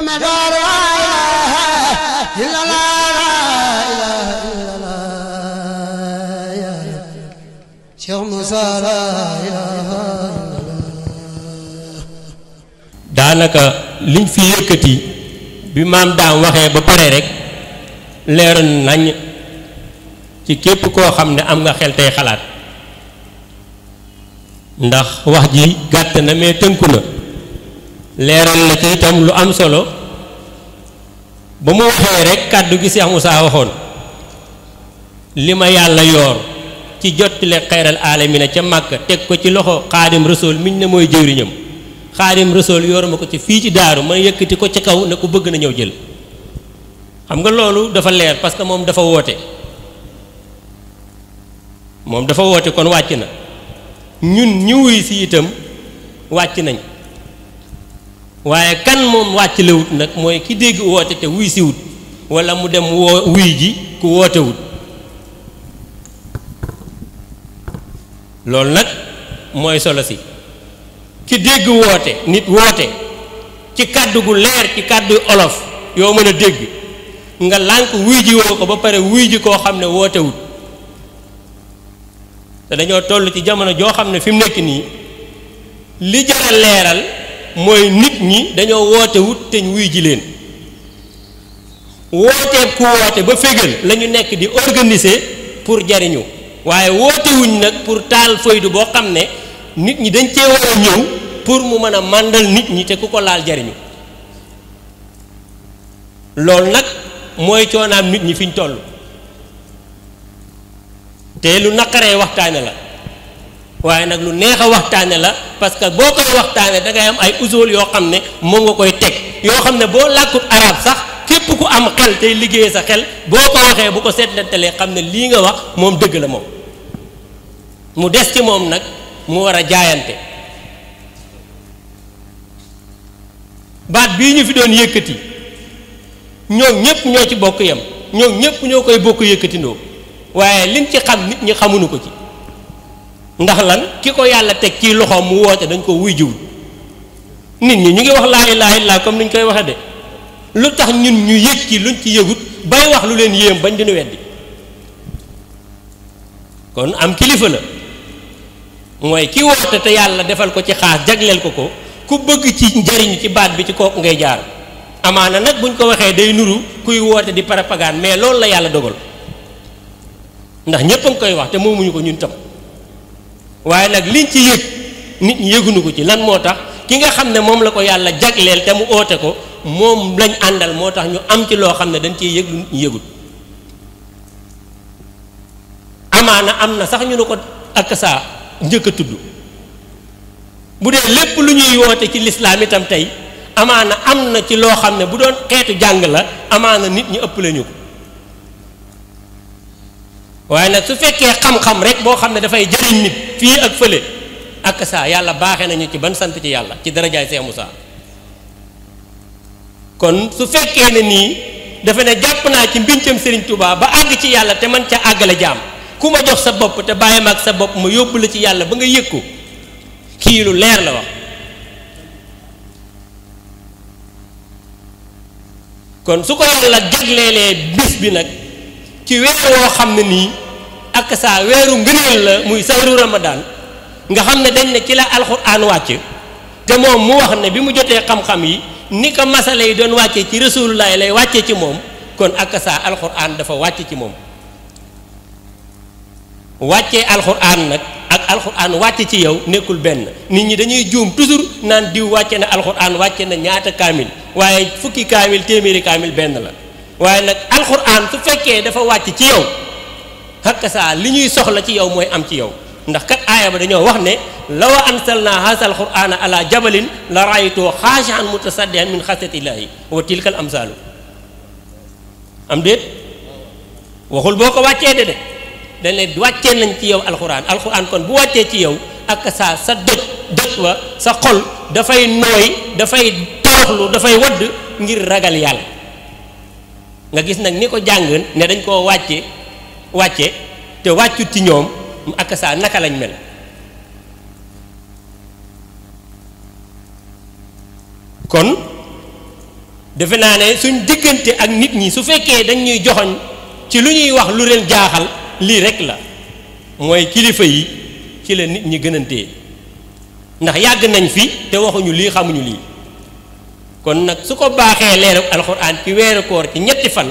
محمد لا إله إلا الله لا إله إلا الله شيخ موسى لا إله daanaka liñ fi yëkkati bi maam daam waxee ba pare rek nañ ci képp koo xam ne am nga xel tey xalaat ndax wax ji gàtt na mais tënku na leeral na ci itam lu am solo ba mu waxee rek kàddu gi Cheikh Moussa waxoon li ma yàlla yoor ci jot jottile xayral aalamiina ca màkk teg ko ci loxo xaadim rasool miñ ne mooy jëwriñam xaadim rasool yor ma ko ci fii ci daaru ma yëkkati ko ci kaw ne ko bëgg na ñëw jël xam nga loolu dafa leer parce que moom dafa woote moom dafa woote kon wàcc na ñun ñi wuy si itam wàcc nañ waaye kan moom wàcc la wut nag mooy ki dégg woote te wuy si wut wala mu dem woo wuy ji ku woote wut loolu nag mooy solo si ki dégg woote nit woote ci kàddu gu leer ci kàddu olof yoo mën a dégg nga lànk wuy ji woo ko ba pare wuy ji koo xam ne woote wut te dañoo toll ci jamono joo xam ne fi mu nekk nii li jar leeral mooy nit ñi dañoo woote wut te ñu wuy ji leen wootee ku woote ba fégal lañu nekk di organiser pour jariñu waaye wootewuñ nag pour taal faydu boo xam ne nit ñi dañ cee ñëw pour mu mën a màndal nit ñi te ku ko laal jariñu loolu nag mooy coonaam nit ñi fiñ ñu toll te lu naqaree waxtaane la waaye nag lu neex a waxtaane la parce que boo koy waxtaane dangay am ay usul yoo xam ne moo nga koy teg yoo xam ne boo làkkut arab sax képp ku am xel tey liggéey sa xel boo ko waxee bu ko seetlantalee xam ne lii nga wax moom dëgg la moom mu des ci moom nag mu war a jaayante baat bii ñu fi doon yëkkati ñoom ñépp ñoo ci bokk yam ñoom ñépp ñoo koy bokk yëkkatindoo waaye liñ ci xam nit ñi xamuñu ko ci ndax lan ki ko yàlla teg ci loxoom mu woote dañ ko wuy jiw nit ñi ñu ngi wax laa ilaaha illallaah comme ni ñu koy waxee de lu tax ñun ñu yëg ci luñ ci yëgut bay wax lu leen yéem bañ dina weddi kon am kilifa la mooy ki woote te yàlla defal ko ci xaas jagleel ko ko ku bëgg ci njariñ ci baat bi ci kooku ngay jaar amaana nag buñ ko waxee day nuru kuy woote di propagande mais loolu la yàlla dogal ndax ñépp a ngi koy wax te moomuñu ko ñun tam waaye nag liñ ci yëg nit ñi yëgunu ko ci lan moo tax ki nga xam ne moom la ko yàlla jagleel te mu oote ko moom lañ àndal moo tax ñu am ci loo xam ne dañ ciy yëg lu nit ñi yëgut amaana am na sax ñu ne ko ak saa njëkk a tudd bu dee lépp lu ñuy woote ci lislaam itam tey amaana am na ci loo xam ne bu doon xeetu jàng la amaana nit ñi ëpp lañu ko waaye nag su fekkee xam-xam rek boo xam ne dafay jëriñ nit fii ak fële ak saa yàlla baaxee nañu ci ban sant ci yàlla ci darajaay Cheikh Moussa kon su fekkee ne nii dafa ne gàpp naa ci mbincam Serigne Touba ba àgg ci yàlla te man ca àggale jaam ku ma jox sa bopp te bàyyi ma ak sa bopp ma yóbbu la ci yàlla ba nga yëg ko kii lu leer la wax kon su ko yàlla jagleelee bis bi nag. ci weer woo xam ne nii ak saa weeru ngëneel la muy sayru ramadaan nga xam ne dañ ne ci la alxuraan wàcc te moom mu wax ne bi mu jotee xam-xam yi ni ko masale yi doon wàccee ci rasulullaay lay wàccee ci moom kon ak saa alxuraan dafa wàcc ci moom wàccee alxuraan nag ak alxuraan wàcc ci yow nekkul benn nit ñi dañuy juum toujours naan diw wàcce na alxuraan wàcce na ñaata kaamil waaye fukki kaamil téeméeri kaamil benn la waaye nag alxuraan su fekkee dafa wàcc ci yow hakka li ñuy soxla ci yow mooy am ci yow ndax kat aaya ba dañoo wax ne law ansalna haza alqurana ala jabalin la raaytoo xaashaan mutasaddian min xasatillahi am déet waxul boo ko wàccee de de dañ ne wàccee lañ ci yow alxuraan alxuraan kon bu wàccee ci yow ak sa doj doj wa sa xol dafay nooy dafay toroxlu dafay wadd ngir ragal yàlla nga gis nag ni ko jàngoon ne dañ koo wàcce wàcce te wàccut ci ñoom mu ak naka lañ mel kon defe naa ne suñ diggante ak nit ñi su fekkee dañ ñuy joxoñ ci lu ñuy wax lu leen jaaxal lii rekk la mooy kilifa yi ci la nit ñi gënantee ndax yàgg nañ fi te waxuñu lii xamuñu lii kon nag su ko baaxee leeru alxuraan ci weeru koor ci ñetti fan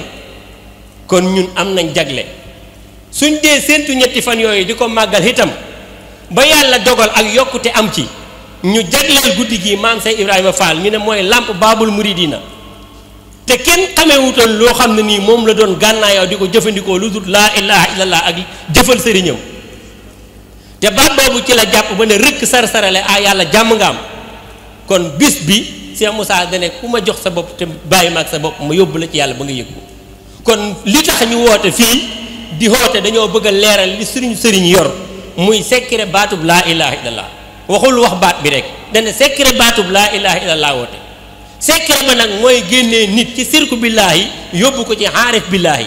kon ñun am nañ jagle suñ dee séentu ñetti fan yooyu di ko màggal itam ba yàlla dogal ak yokkute am ci ñu jagleel guddi gi maam say Ibrahima Fall ñu ne mooy làmp baabul muridina te kenn xamewutoon loo xam ne nii moom la doon gànnaayoo di ko jëfandikoo lu dul laa ilaha illallah ak jëfal sëriñam te baat boobu ci la jàpp ba ne rëkk sar sarale yàlla jàmm nga am kon bis bi Cheikh Moussa dane ku ma jox sa bopp te bàyyi ma sa bopp ma yóbbu la ci yàlla ba nga yëg ko kon li tax ñu woote fii di woote dañoo bëgg a leeral li sëriñ sëriñ yor muy secret baatub laa ilaha illallah waxul wax baat bi rek dane secret baatub laa ilaha illallah woote secret ma nag mooy génne nit ci sirku billaahi yóbbu ko ci xaarif billaahi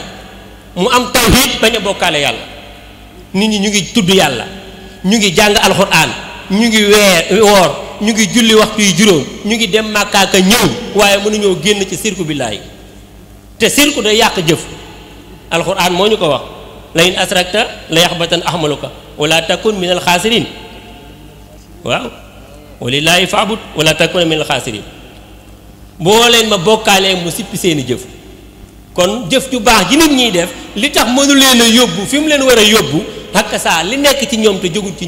mu am tawhid bañ a bokkaale yàlla nit ñi ñu ngi tudd yàlla ñu ngi jàng alxuraan ñu ngi weer euh, woor ñu ngi julli waxtu yi juróom ñu ngi dem màkkaaka ñëw waaye mënuñoo génn ci sirku billaay te sirku day yàq jëf alquran moo ko wax asrakta la yaxbatan ahmaluka wala takun min alxaasirin waaw walillaahi faabut wala takun minal alxaasirin boo leen ma bokkaalee mu sippi seeni jëf kon jëf ju baax ji nit ñiy def li tax mënu leen a fim fi mu leen war a hakka saa li nekk ci ñoom te ci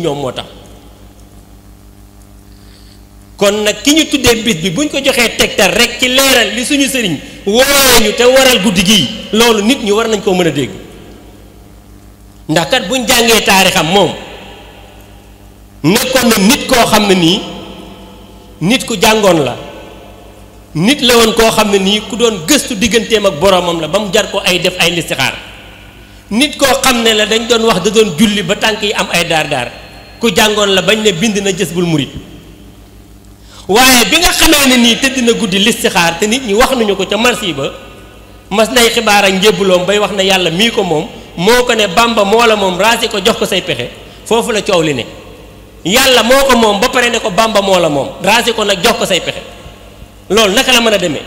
kon nag ki ñu tuddee bis bi bu ñu ko joxee tegtal rek ci leeral li suñu sëriñ woowee ñu te waral guddi gii loolu nit ñi war nañ koo mën a dégg ndax kat buñ jàngee taarixam moom nekkoon na koo xam ne nii nit ku jàngoon la nit la woon koo xam ne nii ku doon gëstu digganteem ak boromam la ba mu jar ko ay def ay listixaar nit koo xam ne la dañ doon wax da doon julli ba tànk yi am ay daar daar ku jàngoon la bañ ne bind na jës bul murit waaye bi nga xamee ne nii tëdd na guddi listixaar te nit ñi wax nañu ko ca marsi ba mas nay xibaar ak njébbuloom bay wax na yàlla mii ko moom moo ko ne bamba moo la moom raasi ko jox ko say pexe foofu la coow li ne yàlla moo moom ba pare ne ko bamba moo moom raasi ko nag jox ko say pexe loolu naka la mën a demee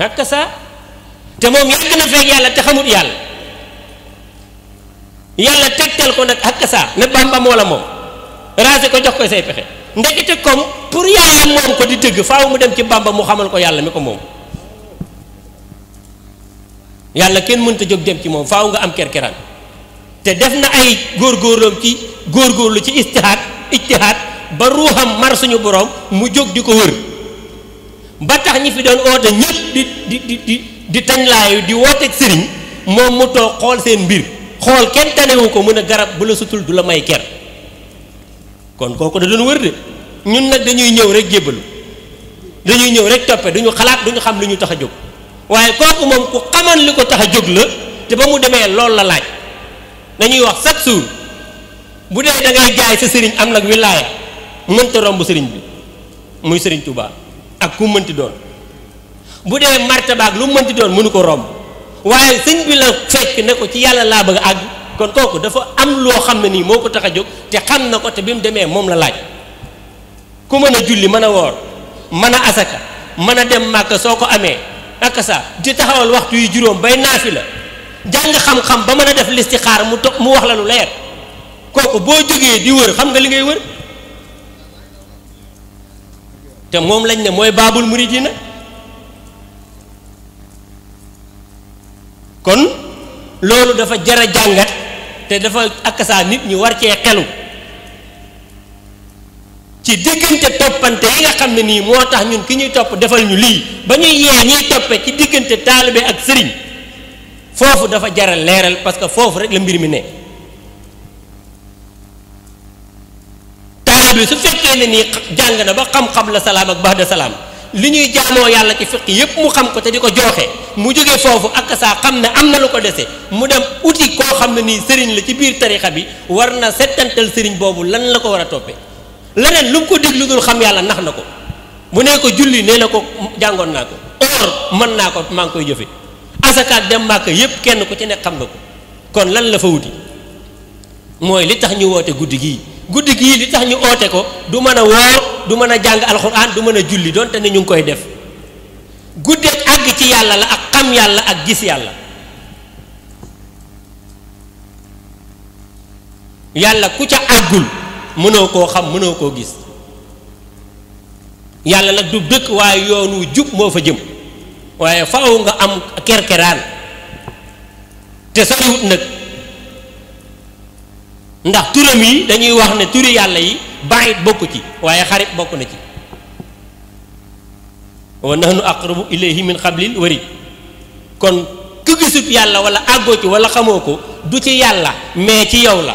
hakka sa te moom yàgg na feeg yàlla te xamut yàlla yàlla tegtal ko nag hakka sa ne bamba moo la moom raasi ko jox ko say pexe ndekete comme pour yaayam moom ko di tëgg faaw mu dem ci bàmba mu xamal ko yàlla mi ko moom yàlla kenn mënta jóg dem ci moom faw nga am kerkeraan te def na ay góorgóorloom ci góorgóorlu ci istihaad ijtihaad ba ruuxam mar suñu boroom mu jóg di ko wër ba tax ñi fi doon oote ñëpp di di di di di tañ di wooteeg sëriñ moom mu toog xool seen mbir xool kenn tanewu ko mën a garab bu la sutul du la may ker kon kooku da doon wër de ñun nag dañuy ñëw rek jébbalu dañuy ñëw rek toppe duñu xalaat duñu xam lu ñu tax a jóg waaye kooku moom ku xamoon li ko tax a jóg la te ba mu demee loolu la laaj dañuy wax chaque jour bu dee da ngay jaay sa sëriñ am nag wilaaya mënta romb sëriñ bi muy sëriñ Touba ak ku mënti doon bu dee martabaak lu mënti doon mënu ko romb waaye sëñ bi la fekk ne ko ci yàlla laa bëgg a kon kooku dafa am loo xam ne nii moo ko tax a jóg te xam na ko te bi mu demee moom la laaj ku mën a julli mën a woor mën a asaka mën a dem màkk soo ko amee ak sa di taxawal waxtu yu juróom bay naafi la jàng xam-xam ba mën a def listixaar mu toog mu wax la lu leer kooku boo jógee di wër xam nga li ngay wër te moom lañ ne mooy baabul muridina kon loolu dafa jara jàngat te dafa akkasaa nit ñu war cee xelu ci diggante toppante yi nga xam ne nii moo tax ñun ki ñuy topp defal ñu lii ba ñuy yee ñuy toppe ci diggante taalibe ak sëriñ foofu dafa jaral leeral parce que foofu rek la mbir mi ne taalibe su fekkee ne nii jàng na ba xam-xam la salaam ak ba'da salaam li ñuy jaamoo yàlla ci fiq yépp mu xam ko te di ko jooxe mu jógee foofu ak saa xam ne am na lu ko dese mu dem wuti koo xam ne nii sëriñ la ci biir tarixa bi war na settantal sëriñ boobu lan la ko war a toppee leneen lu mu ko dig lu dul xam yàlla nax na ko bu nekk ko julli nee na ko jàngoon naa ko or mën naa ko maa ngi koy jëfe asakaat dem màkk yépp kenn ku ci nekk xam nga ko kon lan la fa wuti mooy li tax ñu woote guddi gii guddi gii li tax ñu oote ko du mën a wóor du mën a jàng alxuraan du mën a julli donte ne ñu ngi koy def guddeeg àgg ci yàlla la ak xam yàlla ak gis yàlla yàlla ku ca àggul mënoo koo xam mënoo koo gis yàlla nag du dëkk waaye yoonu wu jub moo fa jëm waaye faaw nga am kerkeraan te soriwut nag ndax turam yi dañuy wax ne turi yàlla yi baayit bokk ci waaye xarit bokk na ci wa nahnu aqrabu ilayhi min xablil wari kon ku gisut yàlla wala àggoo ci wala xamoo ko du ci yàlla mais ci yow la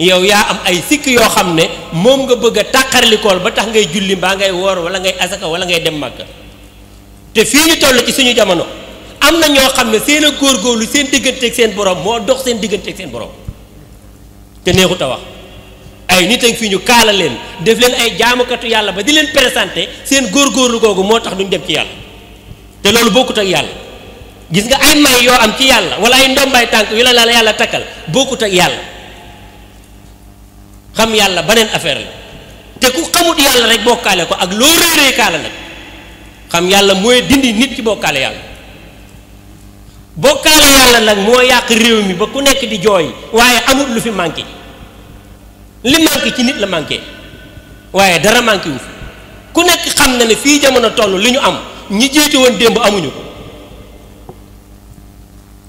yow yaa am ay sikk yoo xam ne moom nga bëgg a tàqarlikool ba tax ngay julli baa ngay woor wala ngay asaka wala ngay dem màgg te fii ñu toll ci suñu jamono am na ñoo xam ne seen a góorgóorlu seen digganteeg seen borom moo dox seen digganteeg seen borom te neexut a wax ay nit a fi fii ñu kaala leen def leen ay jaamukatu yàlla ba di leen présenté seen góor góorlu googu moo tax duñ dem ci yàlla te loolu bokkut ak yàlla gis nga ay yoo am ci yàlla wala ay ndombaay tànk yu la la yàlla takkal bokkut yàlla xam yàlla beneen affaire la te ku xamut yàlla rek bokkaale ko ak loo réeree kaala nag xam yàlla mooy dindi nit ci bokkaale yàlla bokkaale yàlla nag moo yàq réew mi ba ku nekk di jooy waaye amul lu fi manqué li manqué ci nit la manqué waaye dara manqué wu fi ku nekk xam na ne fii jamono toll li ñu am ñi jéete woon démb amuñu ko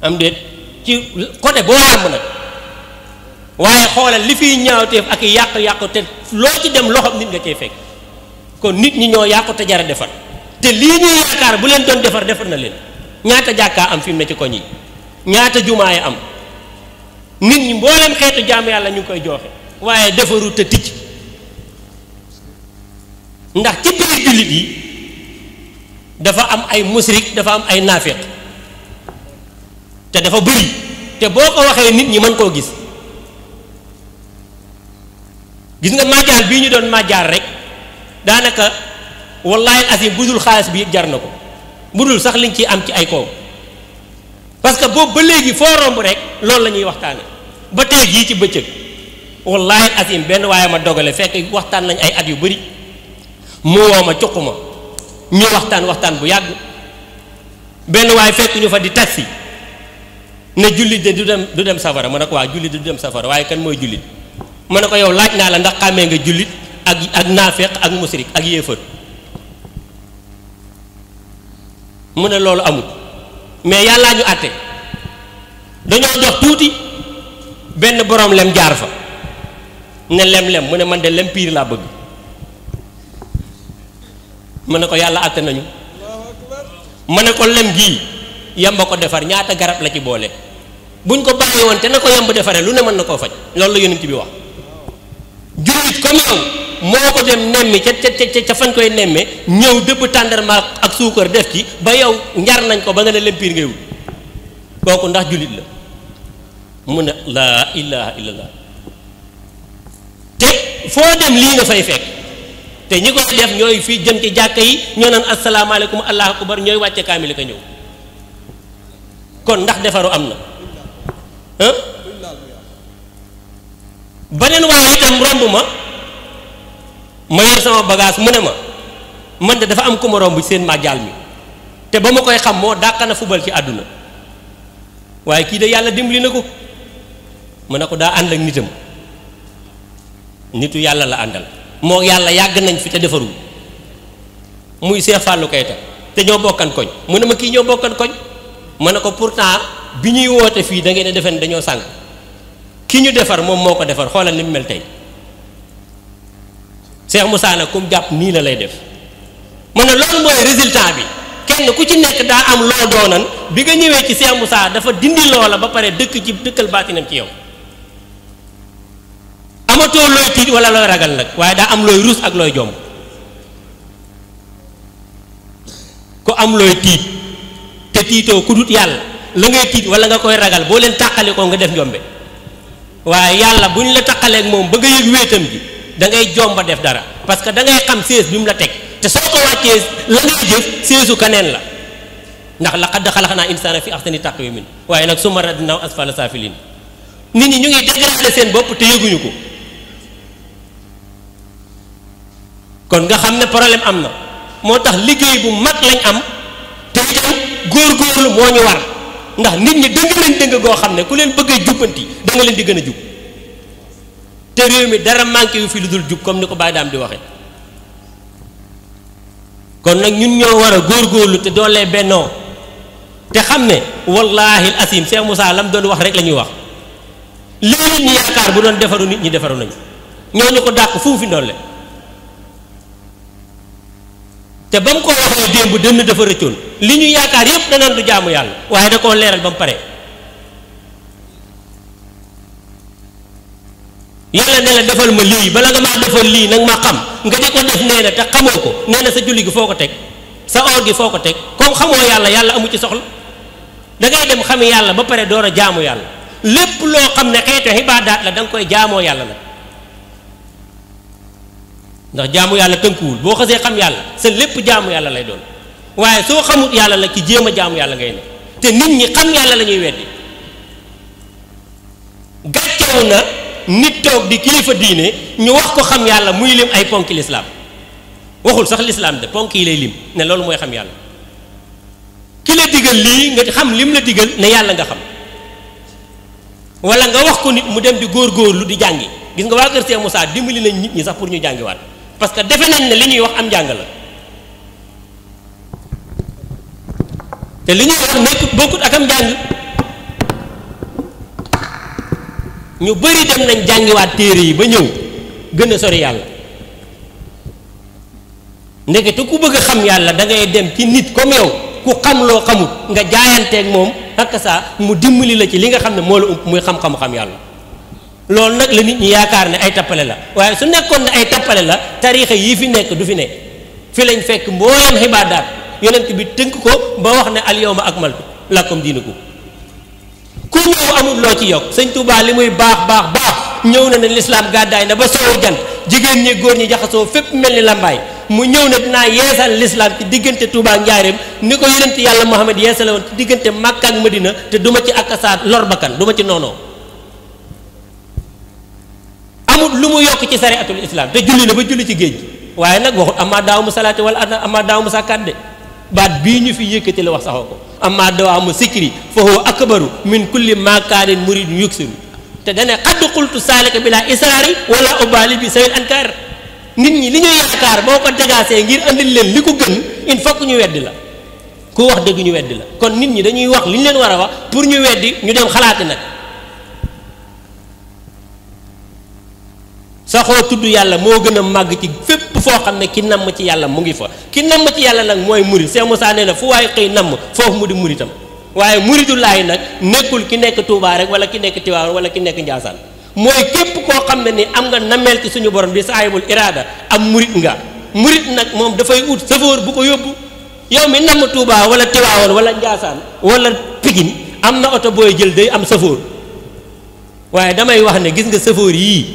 am déet ci côté boo làmb nag waaye xoolal li fiy ñaawteef ak yàqu-yàqu te loo ci dem loxoom nit nga cay fekk kon nit ñi ñoo yàqu te jara defar te lii ñuy yaakaar bu leen doon defar defar na leen ñaata jàkka am fi mu ne ci koñ yi ñaata jumaa yi am nit ñi mboolem xeetu jaam yàlla ñu ngi koy jooxe waaye defaru te tijj ndax ci biir jullit yi dafa am ay musrik dafa am ay naafiq te dafa bëri te boo ko waxee nit ñi man koo gis gis nga majjaar bii ñu doon majjaar rek daanaka wallaahi asim budul xaalis bi jar na ko bu dul sax liñ ciy am ci ay koow parce que boobu ba léegi foo romb rek loolu lañuy ñuy waxtaane ba tey jii ci bëccëg wallaahi asim benn waaye ma dogale fekk waxtaan nañ ay at yu bëri mu woo ma cuq ma ñu waxtaan waxtaan bu yàgg benn waaye fekk ñu fa di taxi ne jullit de du dem du dem safara ma ne ko waa jullit du dem safara waaye kan mooy jullit ma ne ko yow laaj naa la ndax xàmmee nga jullit ak ak naafeq ak musrik ak yéefar mu ne loolu amul mais yàllaa ñu àtte dañoo jox tuuti benn boroom lem jaar fa ne lem-lem mu ne man de lem piir laa bëgg mu ne ko yàlla àtte nañu mu ne ko lem gii yamba ko defar ñaata garab la ci boole buñ ko bàyyi woon te na ko yamb defaree lu ne mën na koo faj loolu la yonent bi wax jullit comme yow moo ko dem nemmi ca ca ca fañ koy nemmee ñëw dëpp tàndarma ak suukar def ci ba yow njar nañ ko ba nga ne lempir ngay wut kooku ndax jullit la mu ne laa ilaha illallah te foo dem lii nga fay fekk te ñi koy def ñooy fi jëm ci jàkka yi ñoo naan asalaamaaleykum allah akbar ñooy wàcce kaamil ka ñëw kon ndax defaru am na beneen waaye itam romb ma ma yor sama bagage mu ne ma man de dafa am ku ma romb seen màjjaal mi te ba ma koy xam moo dàq na fubal ci àdduna waaye kii de yàlla dimbali na ko mu ne ko daa ànd ak nitam nitu yàlla la àndal moo yàlla yàgg nañ fi te defaru muy Cheikh Fallou Keita te ñoo bokkan koñ mu ne ma kii ñoo bokkan koñ ma ne ko pourtant bi ñuy woote fii da ngeen ne defe dañoo sànq kii ñu defar moom moo ko defar xoolal ni mu mel tey Cheikh Moussa nag comme jàpp nii la lay def mu ne loolu mooy résultat bi kenn ku ci nekk daa am loo doonan bi nga ñëwee ci Cheikh Moussa dafa dindi loola ba pare dëkk ci dëkkal baatinam ci yow amatoo looy tiit wala looy ragal nag waaye daa am looy rus ak looy jomb ku am looy tiit te tiitoo ku dut yàlla la ngay tiit wala nga koy ragal boo leen tàqale ko nga def njombe waaye yàlla bu ñu la tàqaleeg moom ba nga yëg wéetam bi da ngay jomba def dara parce que da ngay xam sees bi mu la teg te soo ko wàccee la ngay jëf seesu kaneen la ndax laqad xalaqnaa insaana fi ahsani taqwimin waaye nag summa radnaw asfala saafilin nit ñi ñu ngi dégradé seen te ko kon nga xam problème am na moo bu mag lañ am te itam góorgóorlu moo ñu war ndax nit ñi dëng lañ dëng goo ku leen da nga leen di te réew mi dara manqué yu fi lu dul jub comme ni ko Baye Dame di waxee kon nag ñun ñoo war a góor góorlu te doolee bennoo te xam ne wallaahi asim Cheikh Moussa lam doon wax rek la wax li nit ñi yaakaar bu doon defaru nit ñi defaru nañu ñooñu ko dàq fu mu fi ndolle te ba mu ko waxee démb dënn dafa rëccoon li ñu yaakaar yépp danaan du jaamu yàlla waaye da koo leeral ba mu pare yàlla ne la defal ma lii bala nga maa defal lii nag ma xam nga di ko def nee na te xamoo ko nee na sa julli gi foo ko teg sa or gi foo ko teg comme xamoo yàlla yàlla amu ci soxla dangay dem xam yàlla ba pare door a jaamu yàlla lépp loo xam ne xeetu xibaadaat la da nga koy jaamoo yàlla la ndax jaamu yàlla tënkuwul boo xasee xam yàlla sa lépp jaamu yàlla lay doon waaye soo xamut yàlla la ci jéem a jaamu yàlla ngay ne te nit ñi xam yàlla la ñuy weddi nit toog di kilifa diine ñu wax ko xam yàlla muy lim ay ponk lislaam waxul sax lislaam de ponk yi lay lim ne loolu mooy xam yàlla ki la digal lii nga xam lim la digal ne yàlla nga xam walla nga wax ko nit mu dem di góor góorgóorlu di jàngi gis nga waa Kër Seex Musaa dimbali nañ nit ñi sax pour ñu jàngiwaat parce que defe nañ ne li ñuy wax am jàng la te li ñuy wax nekk bokkut ak am jàng. ñu bari dem nañ jàngiwaat téere yi ba ñëw gën a sori yàlla ndekete ku bëgg xam yàlla dangay dem ci nit comme yow ku xam loo xamul nga jaayanteeg moom ak saa mu dimbali la ci li nga xam ne moo la ëpp muy xam-xamu xam yàlla loolu nag la nit ñi yaakaar ne ay tappale la waaye su nekkoon ne ay tappale la tariixa yi fi nekk du fi ne fi lañ fekk mbooleem xibaadaat yonent bi tënk ko ba wax ne al yawma akmaltu lakum ko ku ñëw amul loo ci yokk sëñ Touba li muy baax baax baax ñëw na ne lislaam gàddaay na ba soowu jant jigéen ñi góor ñi jaxasoo fépp mel ni lambaay mu ñëw na dinaa yeesal lislaam ci diggante tuubaa ak ni ko yonent yàlla Muhammad yeesale woon ci diggante Makka ak Madina te duma ci akasaat lor bakkan duma ci noonoo amul lu mu yokk ci sariatul islam te julli na ba julli ci géej waaye nag waxul amaa daaw mu salaati wala amaa daaw mu sàkkaat de baat bii ñu fi yëkkati la wax saxoo ko amma dawaamu sikri fa huwa akbaru min kulli makaanin muridun yuksiru te dane xadd xultu saalika bi laa israari wala ubaali bi sawil ankaar nit ñi li ñuy yaakaar boo ko dagaasee ngir andil leen li ko gën il faut ñu weddi la ku wax dëgg ñu weddi la kon nit ñi dañuy wax li ñu leen war a wax pour ñu weddi ñu dem xalaati nag saxoo tudd yàlla moo gën a màgg ci fépp foo xam ne ki namm ci yàlla mu ngi fa ki namm ci yàlla nag mooy murid Cheikh Moussa nee na fu waaye xëy namm foofu mu di muridam waaye muridullaay nag nekkul ki nekk tuubaa rek wala ki nekk Tiwaawan wala ki nekk Njaasaan mooy képp koo xam ne ni am nga nameel ci suñu borom bi saayibul iraada am murid nga murid nag moom dafay ut sëfoor bu ko yóbbu yow mi namm tuubaa wala Tiwaawan walla Njaasaan wala Pigine am na oto booy jël day am sëfoor waaye damay wax ne gis nga sëfoor yii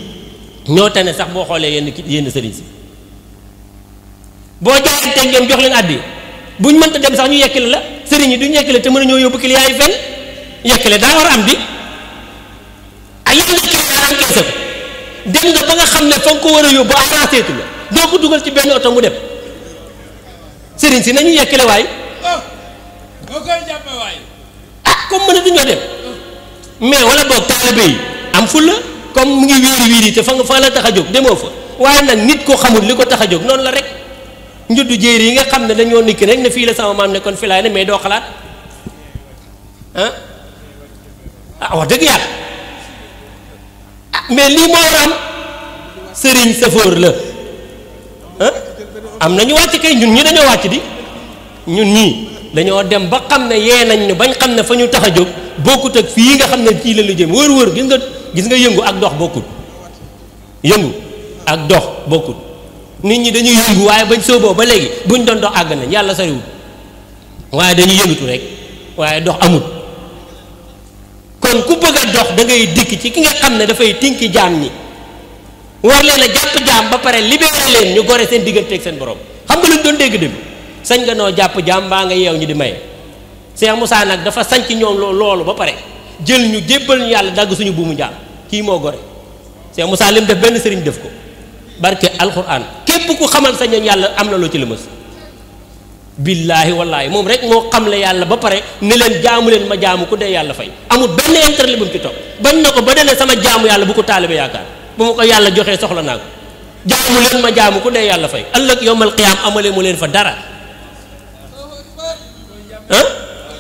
ñoo sax boo xoolee yenn yenn sëriñ si boo jaayantee ngeen jox leen addi bu ñu mënta dem sax ñu yekkale la sëriñ yi duñ yekkale te mën a ñoo yóbbu client yi fenn yekkale daa war am bi ay yàlla client dem na ba nga xam ne fa nga war a yóbbu avanceetu la doo dugal ci benn oto mu dem sëriñ nañu yekkale waay ah comme mën a duñoo dem mais wala boog taalibe yi am fulla comme mu ngi wiiri wiiri te fa nga fa la tax a jóg demoo fa waaye nag nit koo xamul li ko tax a jóg noonu la rek njuddu jéer yi nga xam ne dañoo nikki rek ne fii la sama maam nekkoon fi laay ne mais doo xalaat ah wax dëgg yàlla ah mais lii moo am sëriñ sëfoor la ah am nañu wàcc kay ñun ñi dañoo wàcc di ñun ñii dañoo dem ba xam ne yee nañ ñu bañ xam ne fa ñu tax a jóg bokkut ak fii nga xam ne fii la lu jëm wër-wër gis nga gis nga yëngu ak dox bokkut yëngu ak dox bokkut nit ñi dañuy yëngu waaye bañ sóoboo ba léegi bu buñ doon dox àgg nañ yàlla soriwul waaye dañuy yëngatu rek waaye dox amul kon ku bëgg a dox dangay ngay dikk ci ki nga xam ne dafay tinki jaam ñi war leen a jàpp jaam ba pare libéré leen ñu gore seen digganteeg seen borom xam nga luñ doon dégg sañ nga noo jàpp jaam mbaa yeew ñu di maye seex musaa nag dafa sanc ñoom loolu ba pare jël ñu jébbal ñu yàlla dagg suñu buumu jaam kii moo gore Cheikh Moussa lim def benn sëriñ def ko barke alquran képp ku xamal sa ñoñ yàlla am na loo ci lëmas billahi wallahi moom rek moo xam la yàlla ba pare ne leen jaamu leen ma jaamu ku dee yàlla fay amul benn intérêt bu mu ci topp bañ na ko ba sama jaamu yàlla bu ko taalibe yaakaar bu ma ko yàlla joxee soxla naa ko jaamu leen ma jaamu ku dee yàlla fay ëllëg yowmal qiyaam amale mu leen fa dara ah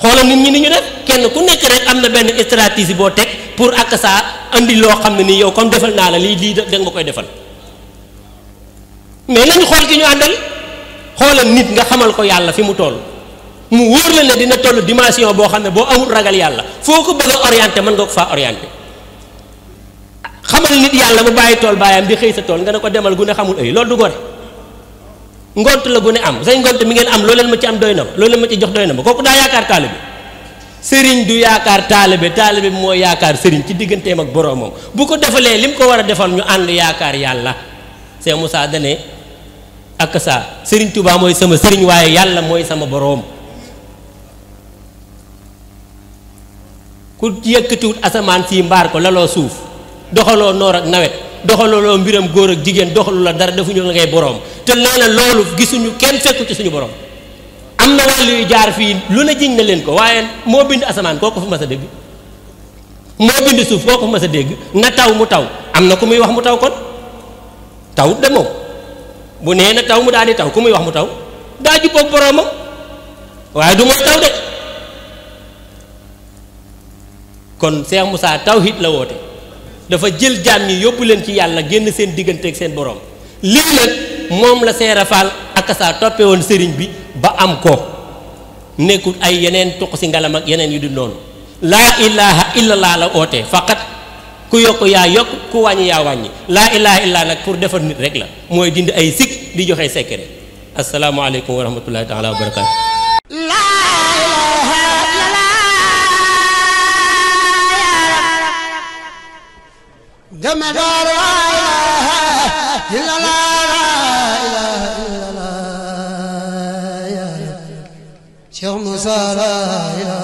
xoolal nit ñi ni ñu def kenn ku nekk rek am na benn stratégie boo teg pour ak saa andi loo xam ne yow comme defal naa la lii lii da nga koy defal mais nañu xool ki ñu àndal xoolal nit nga xamal ko yàlla fi mu toll mu wóor la ne dina toll dimension boo xam ne boo amul ragal yàlla foo ko bëgg a mën nga ko faa orienté xamal nit yàlla mu bàyyi tool baayam di xëy sa tool nga ne ko demal gune ne xamul ay loolu du gore ngont la gu am say ngont mi ngeen am loo leen ma ci am doy na ma loo leen ma ci jox doy na ma kooku daa yaakaar taalibe sëriñ du yaakaar taalibe taalibe bi moo yaakaar sëriñ ci digganteem ak boroomam bu ko defalee lim ko war a defal ñu ànd yaakaar yàlla c'est Moussa dane ak saa sëriñ Touba mooy sama sëriñ waaye yàlla mooy sama boroom ku yëkkatiwut asamaan si mbaar ko laloo suuf doxaloo noor ak nawet doxaloo loo mbiram góor ak jigéen doxalu la dara defuñu la ngay boroom te nee na loolu gisuñu kenn fekku ci suñu boroom am na wàll jaar fii lu ne jiñ na leen ko waaye moo bind asamaan koo ko fi mas a dégg moo bind suuf koo ko fi mas a dégg na taw mu taw am na ku muy wax mu taw kon tawut de bu nee na taw mu daal di taw ku muy wax mu taw daa jubboog boroomam waaye du mooy taw de kon Seex Musaa tawhid la woote dafa jël jaam ñi yóbbu leen ci yàlla génn seen diggante ak seen boroom lii nag moom la Seera Faal ak saa sëriñ bi ba am ko nekkul ay yeneen tuq si ngalam ak yeneen yu di noonu laa ilaha illallah la woote faqat ku yokk yaa yokk ku wàññi yaa wàññi laa ilaha illa nag pour defar nit rek la mooy dindi ay sikk di joxe secret asalaamaaleykum wa rahmatullahi taala wa barakatu جمدار لا إله إلا الله لا إله إلا الله يا رب شيخ موسى لا إله